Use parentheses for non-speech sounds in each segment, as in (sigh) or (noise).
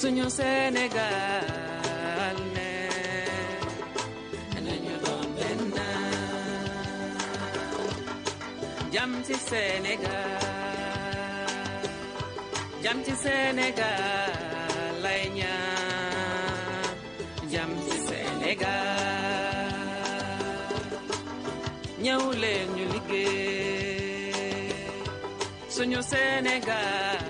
suñu Sénégal ne nañu doon benn jàmm ci Sénégal jàmm ci Sénégal lay ñaan jàmm ci Sénégal ñëw leen ñu liggéey suñu Sénégal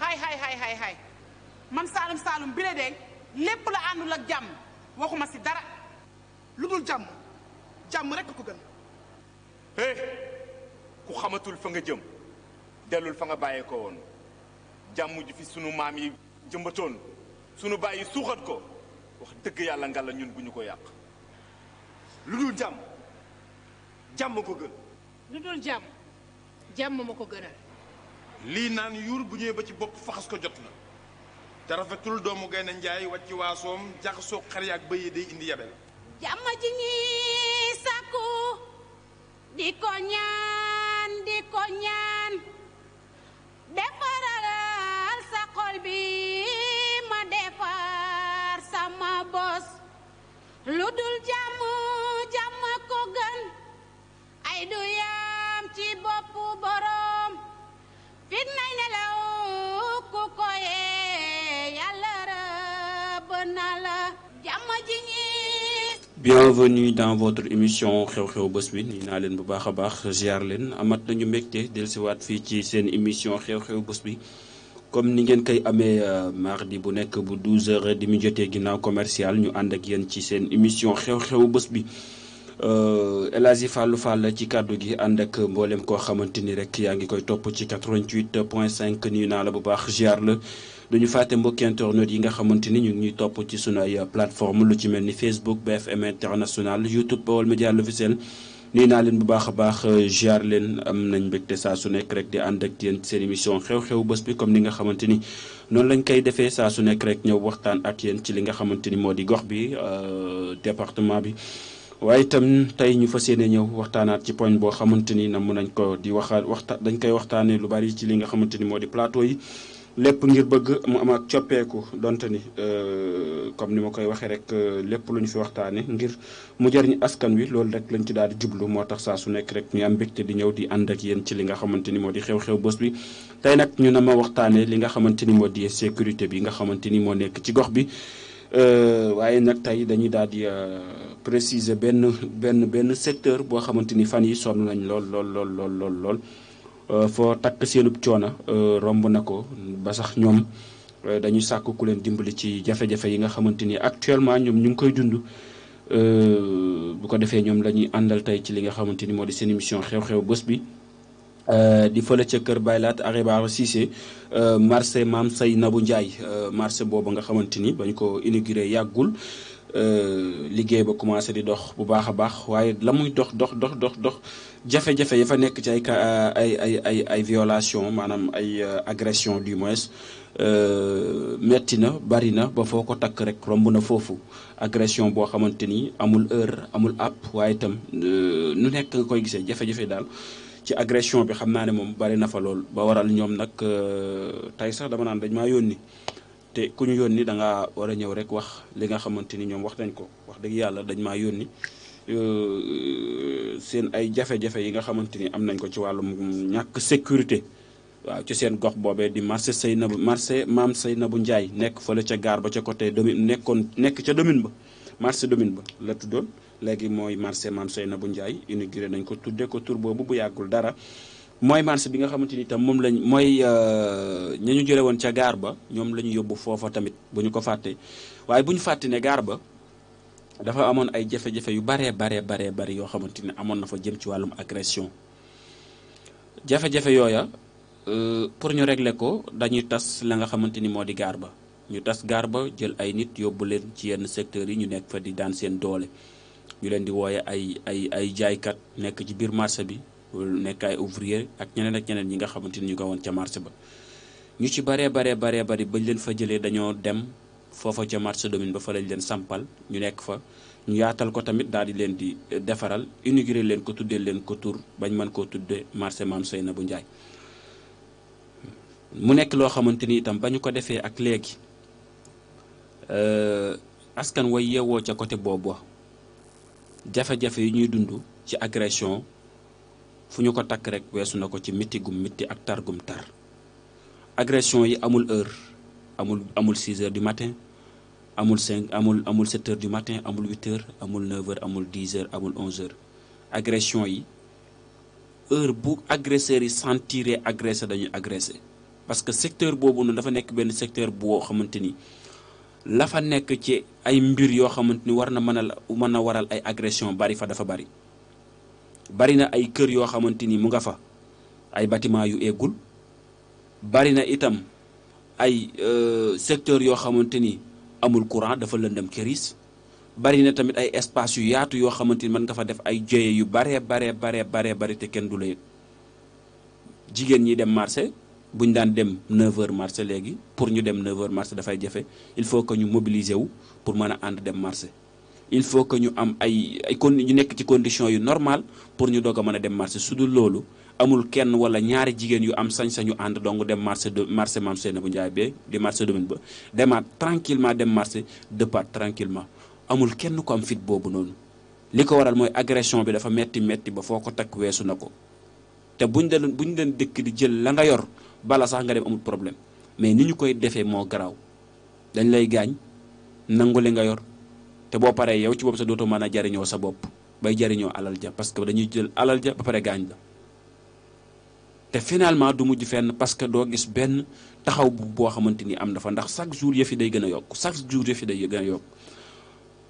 hay hay hay hay hay man saalum saalum bi la de lépp la àndul ak jàmm waxuma si dara lu dul jàmm jàmm rekk ko gën hé ku xamatul fa nga jëm dellul fa nga bàyyee ko woon jàmm ji fi sunu maam yi jëmbatoon sunu bàyyi suuxat ko wax dëgg yàlla ngala ñun bu ñu ko yàq lu dul jàmm jàmm ma ko gën lu dul jàmm jàmm ma ko gënal lii naan yuur bu ñëwee ba ci bopp faxas ko jot na te rafetul doomu gaynde njaay wàcc waasoom jaxasoo xar yaak bëy yi day indi yabe jàmm ji ñuy sàkku di ko ñaan di ko ñaan defaral sa xol bi ma defar sama bos lu dul jàmm du yaam ci boppu boroom fitna nelaw ku ko yàlla rëbb na la jàmm ji ñi bienvenue dans votre émission xew-xew bés bi nii naa leen bu baax a baax ziar leen amat nañu mbégte dellusiwaat fii ci seen émission xew-xew bës bi comme ni ngeen koy amee euh, mardi bu nekk bu 12 heures di mu jotee ginnaaw commercial ñu ànd ak yéen ci seen émission xew-xew bés bi. Euh, El Hadji Fallou Fall ci kàddu gi ànd ak mboolem koo xamante ni rek yaa ngi koy topp ci 88 point 5 nuyu naa la bu baax ziar la ñu fàtte mbokki internet yi nga xamante ni ñu ngi ñuy topp ci sunu ay plateforme lu ci mel ni Facebook BFM International YouTube Baol Médias l'officiel nuyu naa leen bu baax a baax ziar leen am nañ mbégte saa su nekk rek di ànd ak yéen seen émission xew-xew bés bi comme ni nga xamante ni noonu lañ koy defee saa su nekk rek ñëw waxtaan ak yéen ci li nga xamante ni moo di gox bi euh, département bi waaye itam tey ñu fa yéene ñëw waxtaanaat ci poñ boo xamante ni na mun nañ koo di waxaat waxta dañ koy waxtaanee lu bari ci li nga xamante ni moo di plateau yi lépp ngir bëgg mu am ak coppeeku donte ni euh, comme ni ma koy waxee rek euh, lépp lu ñu fi waxtaanee ngir mu jariñ askan wi loolu rek lañ ci daal di jublu moo tax saa su nekk rek ñu am mbégte di ñëw di ànd yéen ci li xamante ni moo di xew-xew bés bi. tey nag ñu na ma waxtaanee li nga xamante ni moo di sécurité bi nga xamante ni moo nekk ci gox bi. Euh, waaye nag tey dañuy daal di euh, préciser benn benn benn secteur boo xamante ni fan yi sonn nañ lool lool lool lool lool lool euh, foo takk seenub coono romb na ko ba sax ñoom dañuy sàkk ku leen dimbali ci jafe-jafe yi nga xamante ni actuellement ñoom ñu ngi koy dund bu ko defee ñoom la ñuy àndal tey ci li nga xamante ni moo di seen émission xew-xew bës bi Euh, di fële ca Kër Baylaat Aribaaru Cissé euh, marché Maam Say Nabou Ndiaye euh, marché boobu nga xamante ni bañ ko inauguré yàggul liggéey ba commencé di dox bu baax a baax waaye la muy dox dox dox dox dox jafe-jafe ya fa nekk ci ay ay ay ay ay violation maanaam ay agression du moins metti na bari na ba foo ko takk rek romb na foofu agression boo xamante ni amul heure amul app waaye itam nu nekk nga koy gisee jafe-jafe daal ci agression bi xam naa ne moom bari na fa lool ba waral ñoom nag euh, tey sax dama naan dañ maa yónni te ku ñu yónni da ngaa war a ñëw rek wax li nga xamante ni ñoom wax nañ ko wax dëgg yàlla dañ maa yónni euh, seen ay jafe-jafe yi nga xamante ni am nañ ko ci wàllum ñàkk sécurité waaw ci seen gox boobee di marché Seynabou marché maam na bu njaay nekk fële ca gaar ba ca côté domaine nekkoon nekk ca domaine ba marché domaine ba la tuddoon léegi mooy marché Mame Seynabou Ndiaye inauguré nañ ko tuddee ko tur boobu bu yàggul dara mooy marché bi nga xamante ni itam moom lañ mooy euh, ña ñu jële woon ca gaar ba ñoom la ñu yóbbu foofa tamit bu ñu ko fàttee waaye bu ñu fàttee ne gaar ba dafa amoon ay jafe-jafe yu baree baree baree bari yoo xamante ni amoon na fa jëm ci wàllum agression jafe-jafe yooya euh, pour ñu régler ko dañuy tas la nga xamante ni moo di gaar ba ñu tas gaar ba jël ay nit yóbbu leen ci yenn secteurs yi ñu nekk fa di daan seen doole ñu leen di wooye ay ay ay jaaykat nekk ci biir marché bi nekkaay ay ouvrier ak ñeneen ak ñeneen ñi nga xamante ni ñu ko woon ca marché ba ñu ci baree baree baree bari bañ leen fa jëlee dañoo dem foofa ca marché domine ba fa lañ leen sampal ñu nekk fa ñu yaatal ko tamit daal di leen di eh, defaral inauguré leen ko tuddee leen ko tur bañ mën koo tuddee marché Mame bu Ndiaye mu nekk loo xamante ni itam ba ñu ko defee ak léegi eh, askan way yeewoo ca côté boobu jafe-jafe yi ñuy dund ci agression fu ñu ko takk rek weesu na ko ci mitti gum mitti ak tar gum tar agression yi amul heure amul amul 6 heures du matin amul cinq amul amul 7 heures du matin amul 8 heures amul 9 heures amul 10 heure amul 11 heures agression yi heure bu agresseurs yi sentiré agressé dañuy agressé parce que secteur boobu noonu dafa nekk benn secteur boo xamante ni. la nekk ci ay mbir yoo xamante ni war na mën a mën na waral ay agression bari fa dafa bari bari na ay kër yoo xamante ni mu nga fa ay bâtiment yu eggul bari na itam ay euh, secteur yoo xamante ni amul courant dafa lëndëm këris bari na tamit ay espace yu yaatu yoo xamante ni mën nga fa def ay jëye yu baree baree baree baree bari te kenn du la yëg jigéen ñi dem marché bu ñu daan dem 9h marché léegi pour ñu dem 9h marché dafay jafe il faut que ñu mobiliser wu pour mën a ànd dem marché il faut que ñu am ay ay con ñu nekk ci conditions yu normal pour ñu doog a mën a dem marché su dul loolu amul kenn wala ñaari jigéen yu am sañ-sañu ànd donc dem marché de marché Mame Seynabou Ndiaye bi di marché domaine ba demaat tranquillement dem marché départ tranquillement amul kenn ko am fit boobu noonu li ko waral mooy agression bi dafa metti metti ba foo ko takk weesu na ko te buñ leen buñ leen dëkk di jël la nga yor bala sax nga dem amul problème mais ni ñu koy defee moo garaw dañ lay gaañ nangu li nga yor te boo paree yow ci bopp sa dootu mën a jariñoo sa bopp bay jariñoo alal ja parce que dañuy jël alal ja ba pare gaañ la te finalement du mujj fenn parce que doo gis benn taxaw bu boo xamante ni am na fa ndax chaque jour yëf fi day gën a yokk chaque jour yëf yi day gën a yokk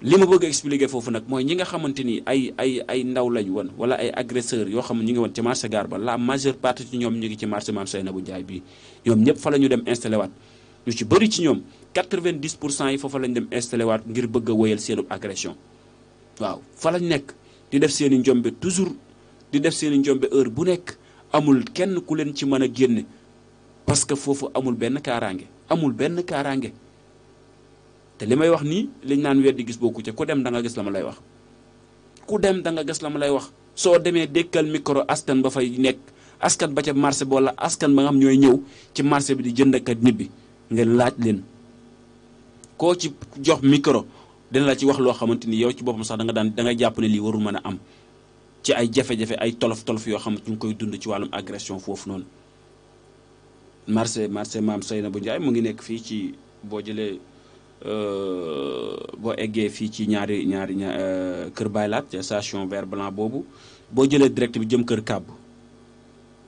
li ma bëgg a foofu nag mooy ñi nga xamante ni ay ay ay ndaw lañ woon wala ay agresseur yoo xam ne ñu ngi woon ci marché gaar ba la majeure partie ci ñoom ñu ngi ci marché Mame Seynabou Ndiaye bii ñoom ñëpp fa la ñu dem installé waat ñu ci bëri ci ñoom 90 pour cent yi foofa lañ dem installé waat ngir bëgga a wéyal seenu agression waaw fa lañ nekk di def seen i njombe toujours di def seen i njombe heure bu nekk amul kenn ku leen ci mën a génne parce que foofu amul benn kaaraange amul benn kaaraange te li may wax nii liñ naan weddi gis bokku ci ku dem da nga gis la ma lay wax ku dem da nga gis la ma lay wax soo demee dékkal micro askan ba fay nekk askan ba ca marché bi wala askan ba nga xam ñooy ñëw ci marché bi di jënd ak nit bi ngeen laaj leen koo ci jox micro dina la ci wax loo xamante ni yow ci boppam sax da nga daan da nga lii warul mën a am ci ay jafe ay tolof-tolof yoo xam ne ñu ngi koy dund ci wàllum agression foofu noonu marché marché maam na bu Njaay mu ngi nekk fii ci boo jëlee Euh, boo eggee fii ci ñaari ñaari euh, kër Baylaat ca station vert blanc boobu boo jëlee direct bi jëm kër Kàbb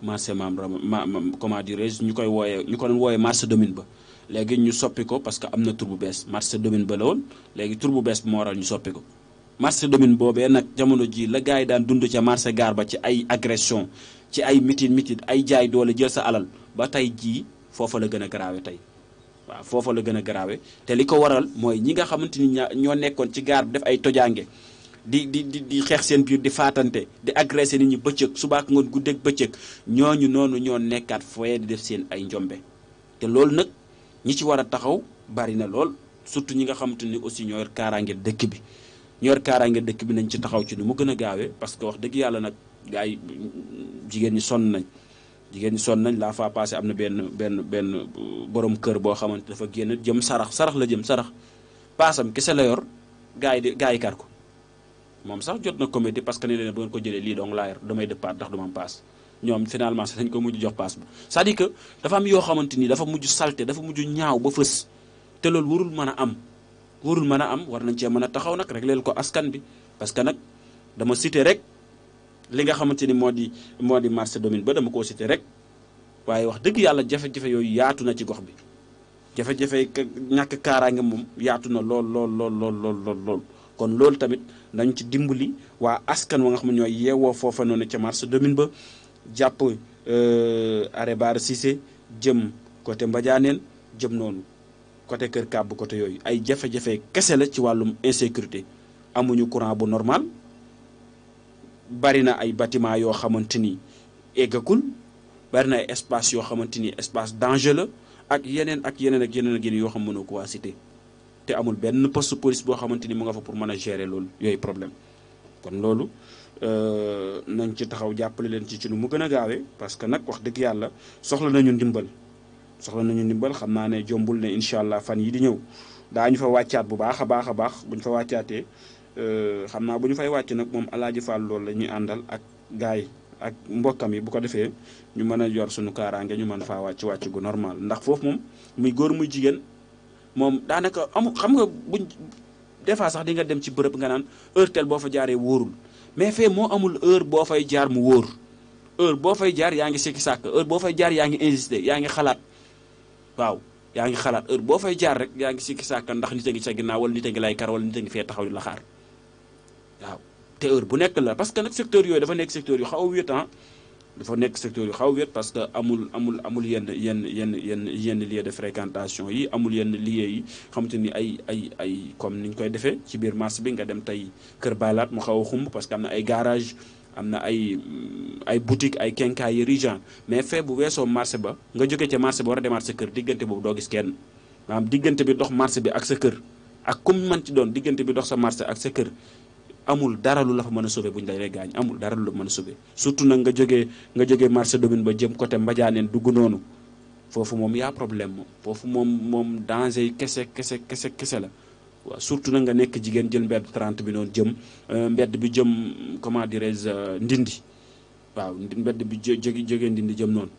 marché maam ma comment dirais-je ñu koy wooyee ñu ko doon wooyee marché domine ba léegi ñu ko parce que am na tur bu bees marché domine ba la léegi tur bu bees moo waral ñu soppi ko. marché domine boobee nag jamono jii la gars yi daan dund ca marché gaar ba ci ay agression ci ay mitin mitin ay jaay doole jël sa alal ba tey jii foofu la gën a garaawe tey. waaw foofa la gën a garaawe te li ko waral mooy ñi nga xamante ni ñoo nekkoon ci gaar bi def ay tojaange di di di di xeex seen biir di faatante di agressé nit ñi bëccëg subaak ngoon guddeeg ñoo ñu noonu ñoo nekkaat fooyee di def seen ay njombe te loolu nag ñi ci war a taxaw bari na lool surtout ñi nga xamante ni aussi ñoo yor dëkk bi ñor yor dëkk bi nañ ci taxaw ci nu mu gën a gaawee parce que wax dëgg yàlla nag gars yi jigéen ñi sonn nañ jigéen ñi sonn nañ la fa passé am na benn benn benn borom kër boo xamante dafa génn jëm sarax sarax la jëm sarax paasam kese la yor gaa yi di gaa yi kar ko moom sax jot na comédie parce que ni leen bu ngeen ko lii dong laa yor damay dëppaat ndax du ma am paas ñoom finalement sax dañ mujj jox paas ba cest à que dafa am yoo xamante ni dafa mujj salté dafa ñaaw ba fës te loolu warul mën a am warul mën a am war nañ cee mën a taxaw nag rek régleel ko askan bi parce que nag dama cité rek li nga xamante ni moo di moo di marché domine ba dama ko cité rek waaye wax dëgg yàlla jafe-jafe yooyu yaatu na ci gox bi jafe-jafe ñàkk kaaraange moom yaatu na lool lool lool lool lool lool. kon loolu tamit nañ ci dimbali waa askan wa nga xam ne ñooy yeewoo foofa noonu ca marché domine ba jàpp euh, arrêt Bara Cissé jëm côté Mbadianeen jëm noonu côté Kër Kàbb côté yooyu ay jafe-jafe kese la ci wàllum insécurité amuñu courant bu normal. bari na ay batiment yoo xamante ni eggagul bari na ay espace yoo xamante ni espace danger la ak yeneen ak yeneen ak yeneen ak yoo xam mënoo ko waa cité te amul benn poste police boo xamante ni mu nga fa pour man a gérer loolu yooyu problème kon loolu euh, nañ ci taxaw jàppale leen ci ci nu mu gën a gaawee parce que nag wax dëgg yàlla soxla nañu ndimbal soxla nañu ndimbal xam naa ne jombul ne incha allah fan yi di ñëw daañu fa wàccaat bu baax a baax a baax buñ fa wàccaatee Euh, xam naa bu ñu fay wàcc nag moom alaaji fal loolu la ñuy àndal ak gaay ak mbokkam yi bu ko defee ñu mën a yor suñu kaaraange ñu mën faa wàcc wàcc gu normal ndax foofu moom muy góor mu jigéen moom daanaka amu xam nga buñ des fois sax di nga dem ci bërëb nga naan heure tel boo fa jaaree wóorul mais fee moo amul heure boo fay jaar mu wóor heure boo fay jaar yaa ngi sikki sàkk heure boo fay jaar yaa ngi insisté yaa ngi xalaat waaw yaa ngi xalaat heure boo fay jaar rek yaa ngi sikki sàkk ndax nit a ngi a ngi a ngi fee taxaw di la waaw te heure bu nekk la parce que nag secteur yooyu dafa nekk secteur yu xaw a wéet ah dafa nekk secteur yu xaw a wéet parce que amul amul amul yenn yenn yenn yenn yenn lieu de fréquentation yi amul yenn lieu yi xamante ni ay ay ay comme niñ koy defee ci biir marché bi nga dem tey Kër Baylaat mu xaw a xumb parce que am na ay garage am na ay mm, ay boutique ay quincaillerie genre mais fee bu weesoo marché ba nga jógee ca marché ba war a demaat sa kër diggante boobu doo gis kenn maanaam diggante bi dox marché bi ak sa kër ak comme man ci doon diggante bi dox sa marché ak sa kër amul dara lu la fa mën a sauver bu ñu lay gaañ amul dara lu la mën a sauver surtout nag nga jógee nga jógee marché domine ba jëm côté mbajaaneen dugg noonu foofu moom yaa problème moom foofu moom moom danger kese kese kese kese la surtout nag nga nekk jigéen jël mbedd 30 bi jëm euh, mbedd bi jëm comment dirais-je euh, ndindi waaw mbedd bi jóge jóge ndindi jëm noonu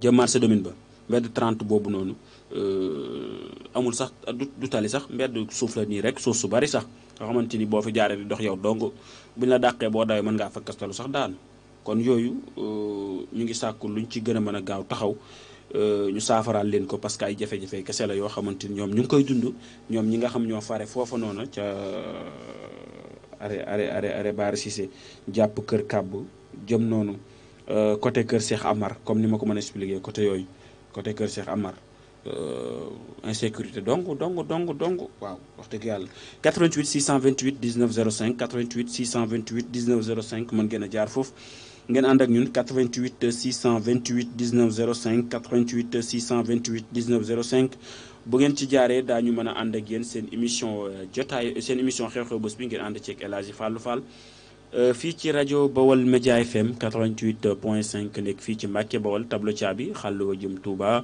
jëm marché domine ba mbedd 30 boobu noonu euh, amul sax du tali sax mbedd suuf la nii rek suuf su bari sax nga xamante ni boo fi jaaree di dox yow donc buñ la dàqee boo dawee mën ngaa fakkastalu sax daanu kon yooyu euh, ñu ngi sàkku luñ ci gën a mën a gaaw taxaw euh, ñu saafaraal leen ko parce que ay jafe kese la yoo xamante ni ñoom ñu ngi koy dund ñoom ñi nga xam ñoo fare foofa noonu ca euh, jàpp kër kàbb jëm noonu côté kër Cheikh Amar comme ni ma ko mën a expliquer côté yooyu côté kër seex Cheikh mar insécurité donc donc donc donc waaw wax dëgg yàlla 88 628 19 05 88 628 19 05 mën ngeen a jaar foofu ngeen ànd ak ñun 88 628 19 05 88 628 19 05 bu ngeen ci jaaree daañu mën a ànd ak yéen seen émission euh, jotaay seen émission xew-xew bés bi ngeen ànd ceeg El Hadji Fallou Fall euh, fii ci rajo Bawol Média FM 88 point 5 nekk fii ci Mbàkke Bawol tablo caabi xàlluwa jëm Touba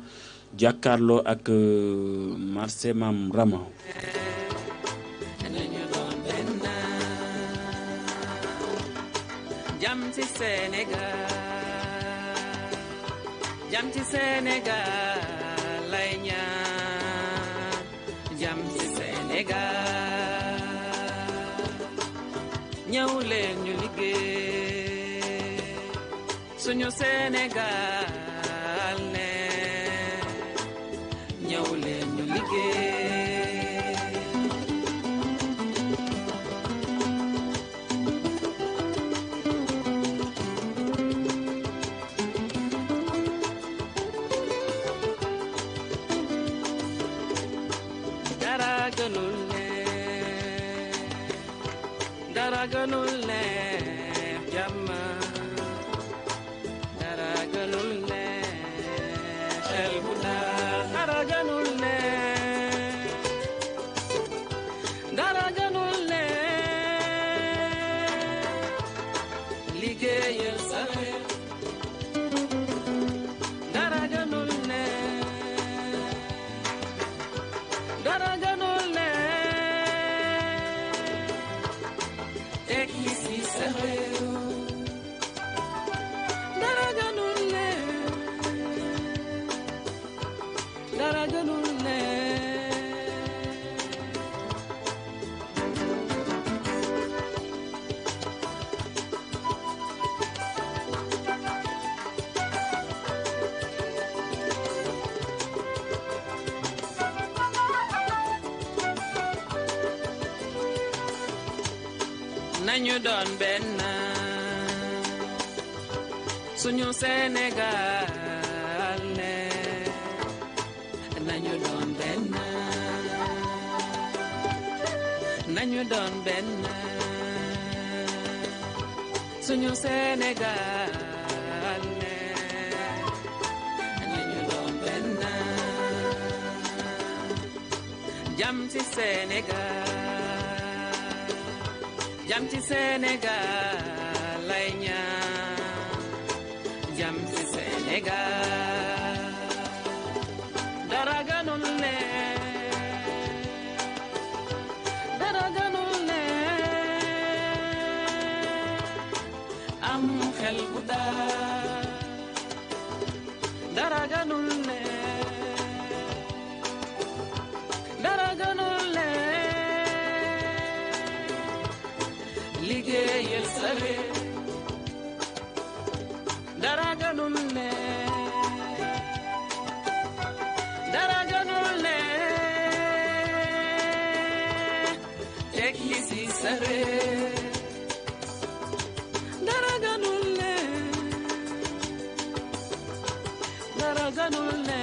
jàkkaarloo ak euh, marché Maam Rama jam ci Sénégal jam leen ñu liggéey suñu Sénégal dara gënul ne dara gënul ne doon benn suñu Sénégal doon benn nañu suñu Sénégal ne nañu doon benn jàmm ci Sénégal jàmm ci Sénégal lay dara ganul leen dara am xel bu sële dara gënul neex dara gënul neex tekki si sële ganul ne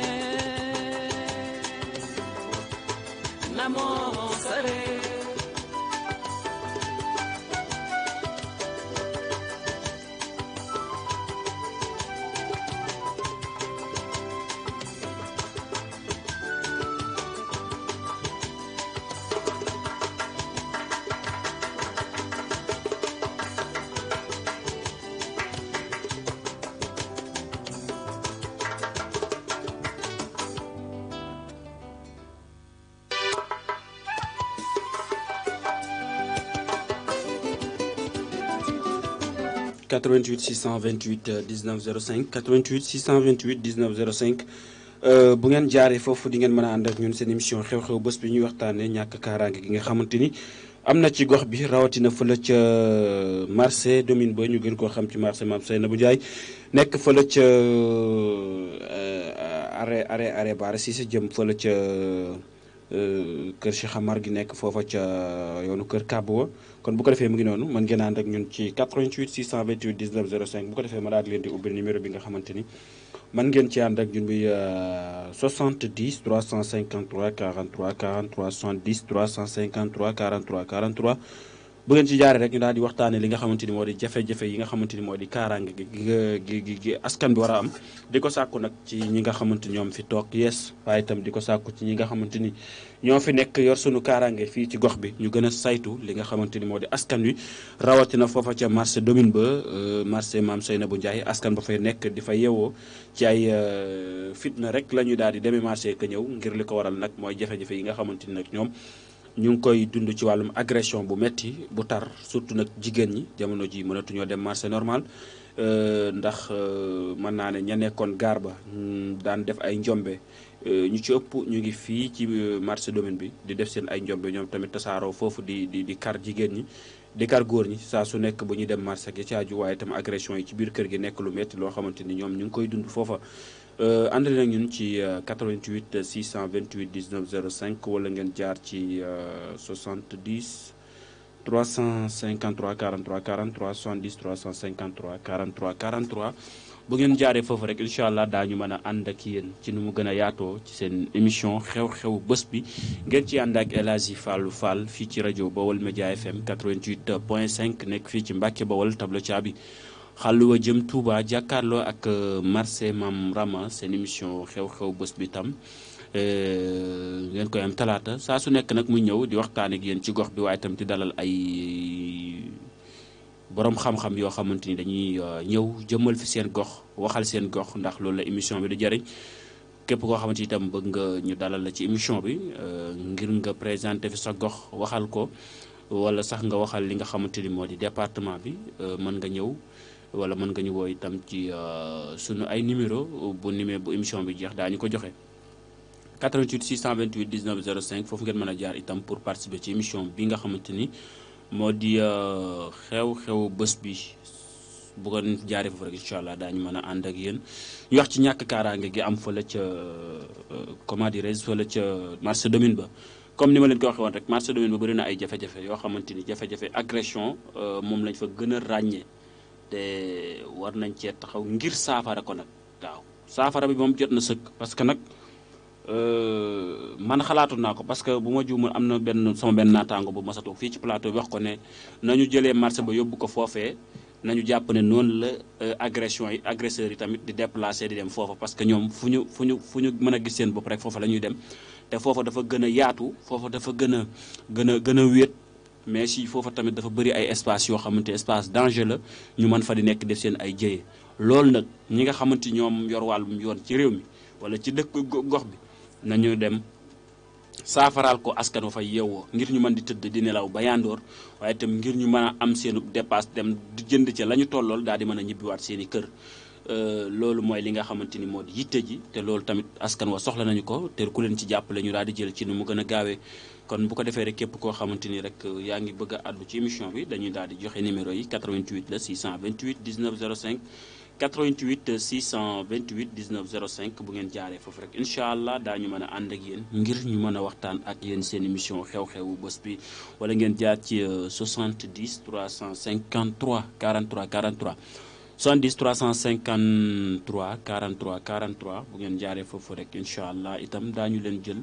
namor 88 628 19 05 88 628 19 05 bu ngeen jaaree foofu di ngeen mën a ànd ak ñun seen émission xew-xew bés bi ñuy waxtaanee ñàkk kaaraange gi nga xamante ni am na ci gox bi rawatina fa fële ca euh, marché Domine Boye ñu gën koo xam ci marché Mame Seynabou Ndiaye nekk fële ca euh, euh, arrêt arrêt arrêt Bara Cissé jëm fële ca. Euh, kër Cheikh Amar gi nekk foofa ca euh, yoonu kër Kàbbu wa kon bu ko defee mu ngi noonu mën ngeen ànd ak ñun ci 88 628 19 05 bu ko defee ma daal di leen di ubbil numéro bi nga xamante ni ngeen ci ànd ak ñun bi 70 353 43 43 70 353 43 43 bu ngeen ci jaaree rek ñu daal di waxtaanee li nga xamante moo di jafe-jafe yi nga xamante moo di kaaraange gi gi gi askan bi war a am di ko sàkku nag ci ñi nga xamante ni ñoom fi toog yees waaye itam di sàkku ci ñi nga xamante ni ñoo fi nekk yor suñu kaaraange fii ci gox bi ñu gën a saytu li nga xamante ni moo di askan wi rawatina foofa ca marché domine ba euh, marché maam bu Ndiaye askan ba fay nekk di fa yeewoo ci ay euh, fitna rek la ñuy daal di demee marché ka ñëw ngir li ko waral nag mooy jafe-jafe yi nga xamante ni nag ñoom ñu ngi koy dund ci wàllum agression bu metti bu tar surtout nag jigéen ñi jamono ji mënatuñoo dem marché normal euh, ndax euh, mën naa ne ña nekkoon gaar ba mm, daan def ay njombe euh, ñu ci ëpp ñu ngi fii ci marché domaine bi di def seen ay njombe ñoom tamit tasaaroo foofu di di di kar jigéen ñi di kar góor ñi saa su nekk bu ñu dem marché gi ci aju waaye itam agression yi ci biir kër gi nekk lu metti loo xamante ni ñoom ñu ngi koy dund foofa Euh, ànd na ñun ci 88 628 19 05 wala ngeen jaar ci 70 353 43 43 70 353 43 43 bu ngeen jaaree foofu rek incha allah daañu mën a ànd ak yéen ci nu mu gën a yaatoo ci seen émission xew-xew bës bi ngeen ci ànd ak El Hadji Fallou Fall fii ci rajo Bawol Média FM 88 point 5 nekk fii ci Mbàkke Bawol tableau bi xàlluwa jëm Touba jàkkaarloo ak euh, marché Mam Rama seen émission xew-xew bés bi itam euh, ngeen koy am talaata saa su nekk nag mu ñëw di waxtaan ak ci gox bi waaye itam di dalal ay borom xam-xam yoo xamante ni dañuy euh, ñëw jëmal fi seen gox waxal seen gox ndax loolu la émission bi di jëriñ képp koo xamante itam bëgg nga ñu dalal la ci émission bi ngir nga présenté fi sa gox waxal ko wala sax nga waxal li nga xamante ni moo di département bi mën nga ñëw. wala mën nga ñu woo itam ci euh, sunu ay numéro bu numéro bu émission bi jeex daañu ko joxe 88 628 19 05 foofu ngeen mën a jaar itam pour participer ci émission bi nga xamante ni moo di euh, xew-xew bës bi bu ko jaaree foofu rek incha allah daañu mën a ànd ak yéen ñu wax ci ñàkk kaaraange gi am fële ca euh, comment dirais-je fële ca marché domine ba comme ni ma leen ko waxee rek marché domine ba bëri na ay jafe-jafe yoo xamante ni jafe-jafe agression moom lañ fa gën a ràññee. te war nañ cee taxaw ngir saafara ko nag waaw saafara bi moom jot na sëkk parce que nag euh, man xalaatu naa ko parce que bu ma juumul am na benn sama benn naataango bu masa fii ci plateau bi wax ko ne na ñu jëlee marché ba yóbbu ko foofee na ñu jàpp ne noonu la euh, agression yi agresseurs yi tamit di déplacé di dem foofa parce que ñoom fu ñu fu ñu fu ñu mën a gis seen bopp rek foofa la ñuy dem te foofa dafa gën a yaatu foofa dafa gën a gën a gën a wéet mais si foofu tamit dafa bëri ay espace yoo xamante espace danger la ñu mën fa di nekk def seen ay jéye loolu nag ñi nga xamante ñoom yor wàllum yoon ci réew mi wala ci dëkk gox bi nañu dem saafaraal ko askan wa fay yeewoo ngir ñu mën di tëdd di nelaw ba yandoor waaye itam ngir ñu mën a am seenu dépasse dem di jënd ci la ñu tollool daal di mën a ñibbiwaat seen i kër euh, loolu mooy li nga xamante ni moo di yitte ji te loolu tamit askan wa soxla nañu ko te ku leen ci jàppale ñu daal di jël ci nu mu gën a gaawee kon bu ko defee rek képp koo xamante ni rek yaa ngi bëgg a àddu ci émission bi dañuy daal di joxe numéro yi 88 la 628 19 05 88 628 19 05 bu ngeen jaaree foofu rek incha allah daañu mën a ànd ak yéen ngir ñu mën a waxtaan ak yéen seen émission xew-xewu bés bi wala ngeen jaar ci 70 353 43 43 70 353 43 43 bu ngeen jaaree foofu rek incha allah itam daa ñu leen jël.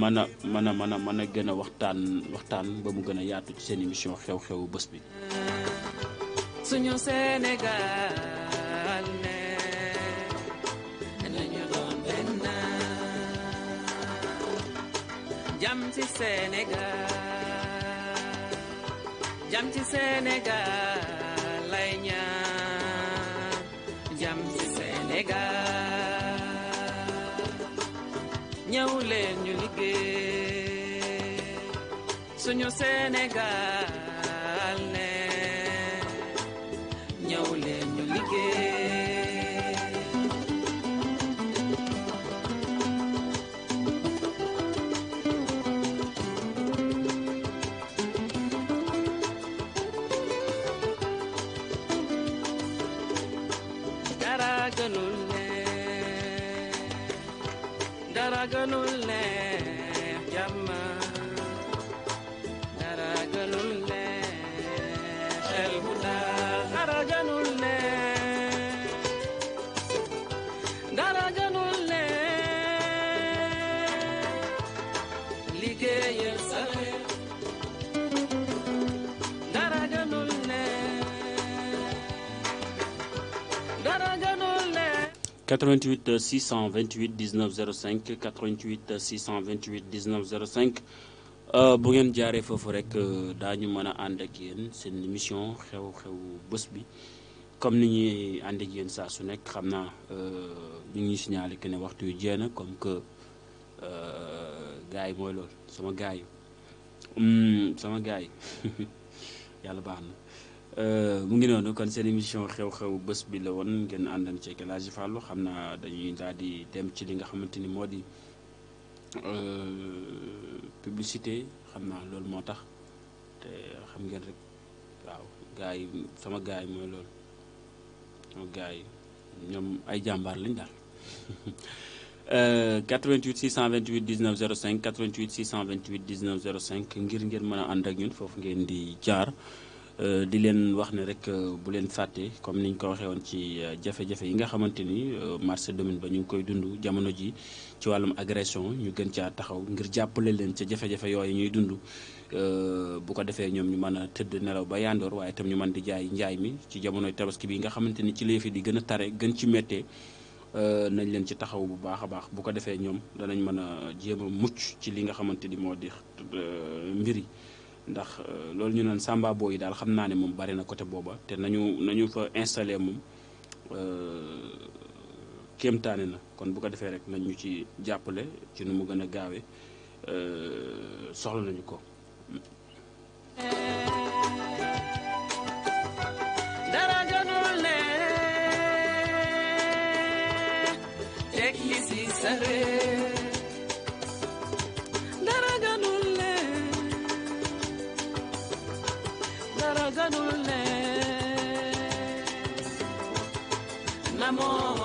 mën a mën a mën a mën a gën a waxtaan waxtaan ba mu gën a yaatu ci seen émission xew-xewu bés bi. suñu Sénégal ne nañu doon benn jàmm ci Sénégal jàmm ci Sénégal lay leen. suñu Sénégal ne ñëw leen ñu liggéey dara gënul ne dara gënul ne 88 628 19 05 88 628 19 05 bu ngeen jaaree foofu rek euh, daañu mën a ànd ak seen émission xew xew bës bi comme ni ñuy ànd ak saa su nekk xam naa euh, ñu ngi signalé que ne waxtu yu jeex na comme que euh, gars yi mooy loolu sama gars yi hmm, sama gars yi (laughs) yàlla baax na. Euh, mu ngi noonu kon seen émission xew-xew bés bi la woon ngeen àndan ci El Hadji Fallou xam naa dañuy daal di dem ci li nga xamante ni moo di euh, publicité xam naa loolu moo tax te xam ngeen rek waaw gars yi sama gars yi mooy loolu sama gars yi ñoom ay jàmbaar lañ daal. 88 628 19 05 88 628 19 05 ngir ngeen mën a ànd ak ñun foofu ngeen di jaar. Euh, di leen wax ne rek euh, bu leen fàtte comme niñ ko waxee woon ci euh, jafe-jafe yi nga xamante ni marché domaine ba ñu ngi koy dund jamono ji ci wàllum agression ñu gën caa taxaw ngir jàppale leen ca jafe-jafe yooyu ñuy dund bu ko defee ñoom ñu mën a tëdd nelaw ba yandoor waaye itam ñu mën di jaay njaay mi ci jamono tabaski bi nga xamante ni ci léefi di gën a tare gën ci méttee nañ leen ci taxaw bu baax a baax bu ko defee ñoom danañ mën a jéem a mucc ci li nga xamante ni moo di mbir yi ndax euh, loolu ñu naan samba boo yi daal xam naa ne moom bari na côté booba te nañu nañu fa installé moom euh, kéemtaane na kon bu ko defee rek nañ ci jàppale ci nu mu gën gaawe gaawee euh, soxla nañu ko. Saré gënul ne na moom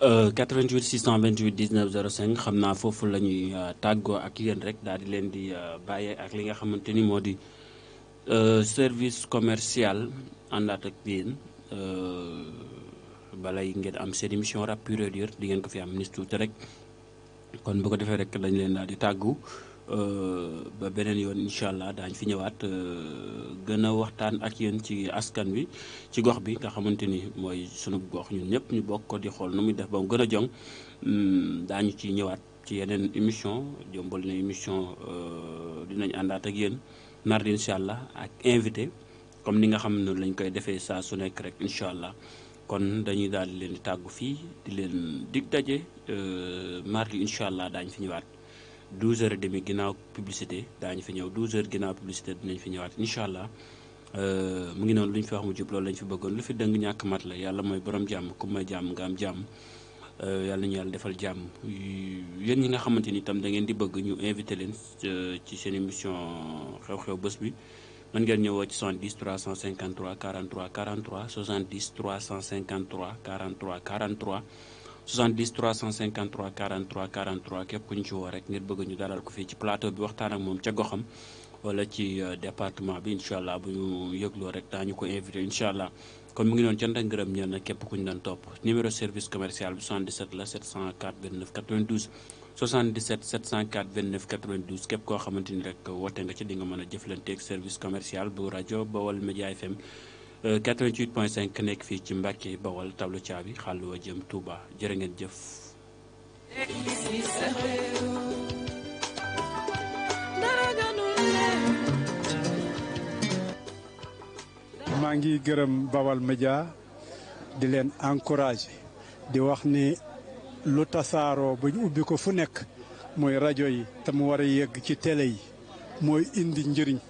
88 628 19 05 xam naa foofu la ñuy euh, tàggoo ak yéen rek daal di leen di euh, bàyyee ak li nga xamante ni moo di euh, service commercial àndaat ak yéen yi ngeen am seen émission rap pure di ngeen ko fi am ministre tuuti rek kon bu ko defee rek dañ leen daal di tàggu. Euh, ba beneen yoon incha allah daañ fi ñëwaat euh, gën a waxtaan ak yéen ci askan wi ci gox bi nga xamante ni mooy sunu gox ñu ñëpp ñu bokk ko di xool nu muy def ba mu gën a jong hmm, daañu ci ñëwaat ci yeneen émission jombal na émission euh, dinañ àndaat ak yéen mardi incha allah ak invité comme ni nga xam ne lañ koy defee saa su nekk rek incha allah kon dañuy daal di leen di tàggu fii di leen dig daje mardi incha allah daañ fi ñëwaat. 12 heures et demi ginnaaw publicité daañu fi ñëw 12 heures ginnaaw publicité dinañ fi ñëwaat incha allah euh, mu ngi noonu lu ñu fi wax mu jubloo loolu lañ fi bëggoon lu fi dëng ñàkk mat la yàlla mooy borom jàmm ku ma jàmm nga am jàmm euh, yàlla ñu yàlla defal jàmm yéen ñi nga xamante ni itam da ngeen di bëgg ñu invité leen euh, ci seen émission xew-xew bés bi mën ngeen ñëwoo ci 70 353 43 43 70 353 43 43 70 353 43 43 képp ku ñu ci woo ñu dalal ko fii ci plateau bi waxtaan ak moom ca goxam wala ci euh, département bi incha allah bu ñu yëgloo rek daañu ko invité incha allah kon mu ngi doon cant ak ngërëm ñeel na képp ku ñu doon topp numéro service commercial bi 77 la 704 29 92 koo xamante ni rek woote nga ci di nga mën a jëflanteeg service commercial bu rajo Bawal Média FM. 88 point 5 nekk fii ci Mbàkke Bawal tablu caabi xàlluwa jëm Touba jërë ngeen jëf maa ngi gërëm Bawal Média di leen encouragé di wax ni lu tasaaroo ba ñu ubbi ko fu nekk mooy rajo yi te mu war a yegg ci télé yi mooy indi njëriñ